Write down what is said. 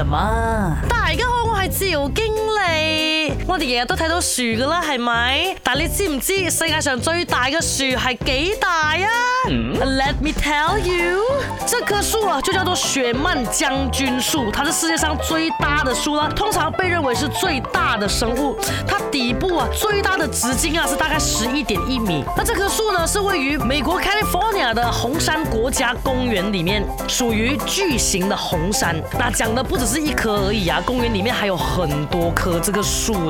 什麼大家好，我係趙經理。我哋日日都睇到樹噶啦，係咪？但你知唔知世界上最大嘅樹係幾大啊、嗯？Let me tell you，這棵樹啊就叫做雪曼將軍樹，它是世界上最大的樹啦，啊，通常被認為是最大的生物。它底部啊最大的直徑啊是大概十一點一米。那這棵樹呢是位於美國 California 的紅杉國家公園裏面，屬於巨型的紅杉。那講的不只是一棵而已啊，公園裏面還有很多棵這個樹。